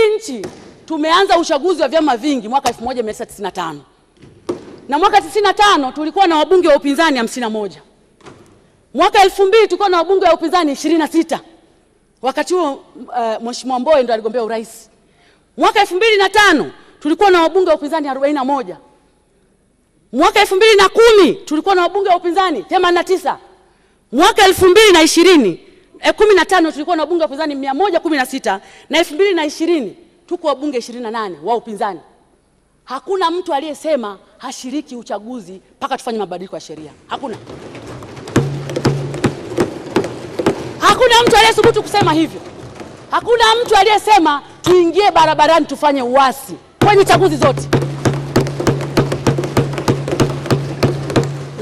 Hii nchi tumeanza uchaguzi wa vyama vingi mwaka 1995 na mwaka 95 tulikuwa na wabunge wa upinzani hamsini moja. Mwaka 2000 tulikuwa na wabunge wa upinzani 26. Wakati huo uh, Mheshimiwa Mboye ndo aligombea urais. Mwaka 2005 tulikuwa na wabunge wa upinzani 41. Mwaka 2010 tulikuwa na wabunge wa upinzani 89. Mwaka 2020 e, kumi na tano tulikuwa na wabunge wa upinzani mia moja kumi na sita na elfu mbili na ishirini tuko wabunge ishirini na nane wa upinzani. Hakuna mtu aliyesema hashiriki uchaguzi mpaka tufanye mabadiliko ya sheria. Hakuna, hakuna mtu aliyesubutu kusema hivyo. Hakuna mtu aliyesema tuingie barabarani tufanye uasi kwenye chaguzi zote.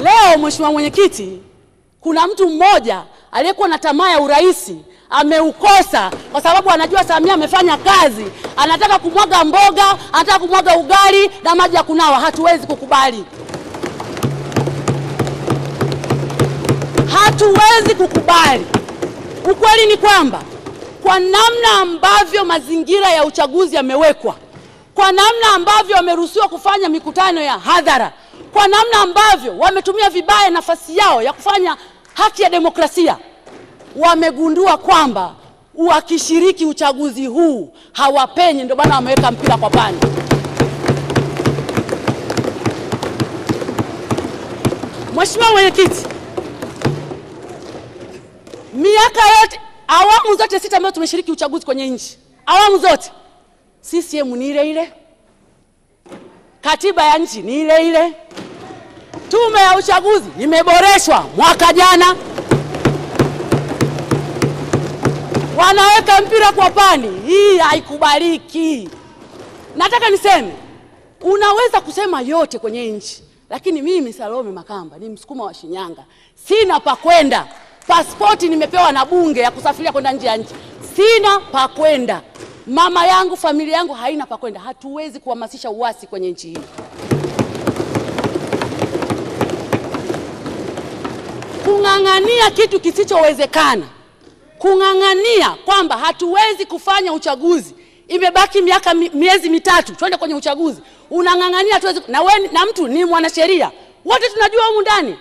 Leo Mheshimiwa Mwenyekiti, kuna mtu mmoja aliyekuwa na tamaa ya urais ameukosa kwa sababu anajua Samia amefanya kazi, anataka kumwaga mboga, anataka kumwaga ugali na maji ya kunawa. Hatuwezi kukubali, hatuwezi kukubali. Ukweli ni kwamba kwa namna ambavyo mazingira ya uchaguzi yamewekwa, kwa namna ambavyo wameruhusiwa kufanya mikutano ya hadhara, kwa namna ambavyo wametumia vibaya nafasi yao ya kufanya haki ya demokrasia wamegundua kwamba wakishiriki uchaguzi huu hawapenyi, ndio maana wameweka mpira kwa pani. Mheshimiwa Mwenyekiti, miaka yote, awamu zote sita ambazo tumeshiriki uchaguzi kwenye nchi, awamu zote CCM ni ile ile, katiba ya nchi ni ile ile. Tume ya uchaguzi imeboreshwa mwaka jana, wanaweka mpira kwa pani. Hii haikubaliki. Nataka niseme, unaweza kusema yote kwenye nchi, lakini mimi Salome Makamba ni msukuma wa Shinyanga, sina pa kwenda. Pasipoti nimepewa na bunge ya kusafiria kwenda nje ya nchi, sina pa kwenda. Mama yangu, familia yangu haina pa kwenda. Hatuwezi kuhamasisha uasi kwenye nchi hii. kung'ang'ania kitu kisichowezekana, kung'ang'ania kwamba hatuwezi kufanya uchaguzi, imebaki miaka miezi mitatu twende kwenye uchaguzi, unang'ang'ania tuwezi, Na we na mtu ni mwanasheria, wote tunajua humu ndani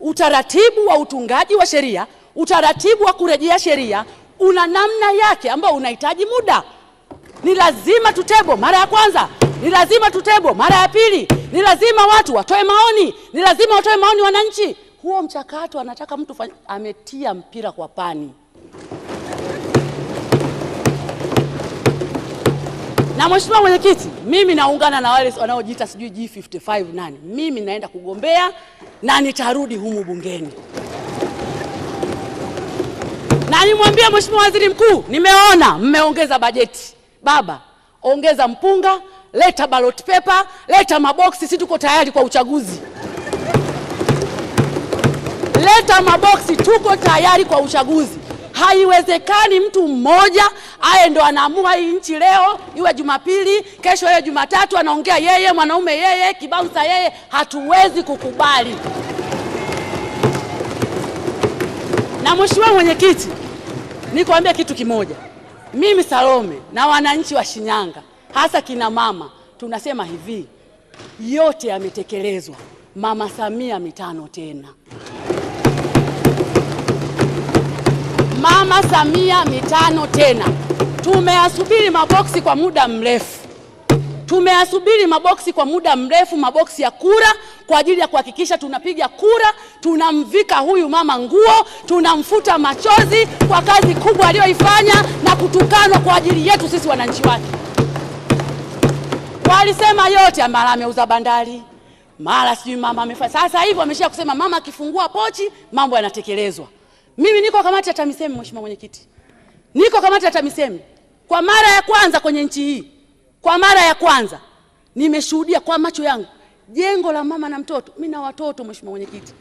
utaratibu wa utungaji wa sheria, utaratibu wa kurejea sheria una namna yake ambayo unahitaji muda. Ni lazima tutebo mara ya kwanza, ni lazima tutebo mara ya pili, ni lazima watu watoe maoni, ni lazima watoe maoni wananchi huo mchakato anataka mtu fanya, ametia mpira kwa pani. Na mheshimiwa mwenyekiti, mimi naungana na wale wanaojiita sijui G55 nani, mimi naenda kugombea na nitarudi humu bungeni, na nimwambie mheshimiwa waziri mkuu, nimeona mmeongeza bajeti. Baba, ongeza mpunga, leta ballot paper, leta maboksi, si tuko tayari kwa uchaguzi tumeleta maboksi, tuko tayari kwa uchaguzi. Haiwezekani mtu mmoja aye ndo anaamua hii nchi, leo iwe Jumapili, kesho iwe Jumatatu, anaongea yeye, mwanaume yeye, kibausa yeye. Hatuwezi kukubali. Na mheshimiwa mwenyekiti, nikuambie kitu kimoja, mimi Salome na wananchi wa Shinyanga, hasa kina mama, tunasema hivi, yote yametekelezwa. Mama Samia mitano tena. Mama Samia mitano tena. Tumeyasubiri maboksi kwa muda mrefu, tumeyasubiri maboksi kwa muda mrefu, maboksi ya kura kwa ajili ya kuhakikisha tunapiga kura, tunamvika huyu mama nguo, tunamfuta machozi kwa kazi kubwa aliyoifanya na kutukanwa kwa ajili yetu sisi wananchi wake. Walisema yote, mara ameuza bandari, mara sijui mama amefanya. Sasa hivi wameshia kusema mama akifungua pochi mambo yanatekelezwa. Mimi niko kamati ya TAMISEMI, mheshimiwa mwenyekiti, niko kamati ya TAMISEMI. Kwa mara ya kwanza kwenye nchi hii, kwa mara ya kwanza nimeshuhudia kwa macho yangu jengo la mama na mtoto. Mimi na watoto, mheshimiwa mwenyekiti,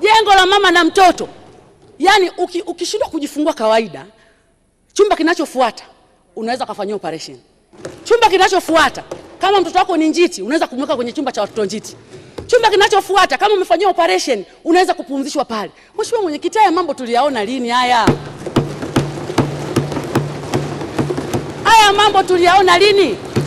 jengo la mama na mtoto, yaani ukishindwa kujifungua kawaida, chumba kinachofuata unaweza ukafanyia operation. Chumba kinachofuata kama mtoto wako ni njiti, unaweza kumweka kwenye chumba cha watoto njiti. Chumba kinachofuata kama umefanyia operation unaweza kupumzishwa pale. Mheshimiwa Mwenyekiti, haya mambo tuliyaona lini haya? Haya mambo tuliyaona lini?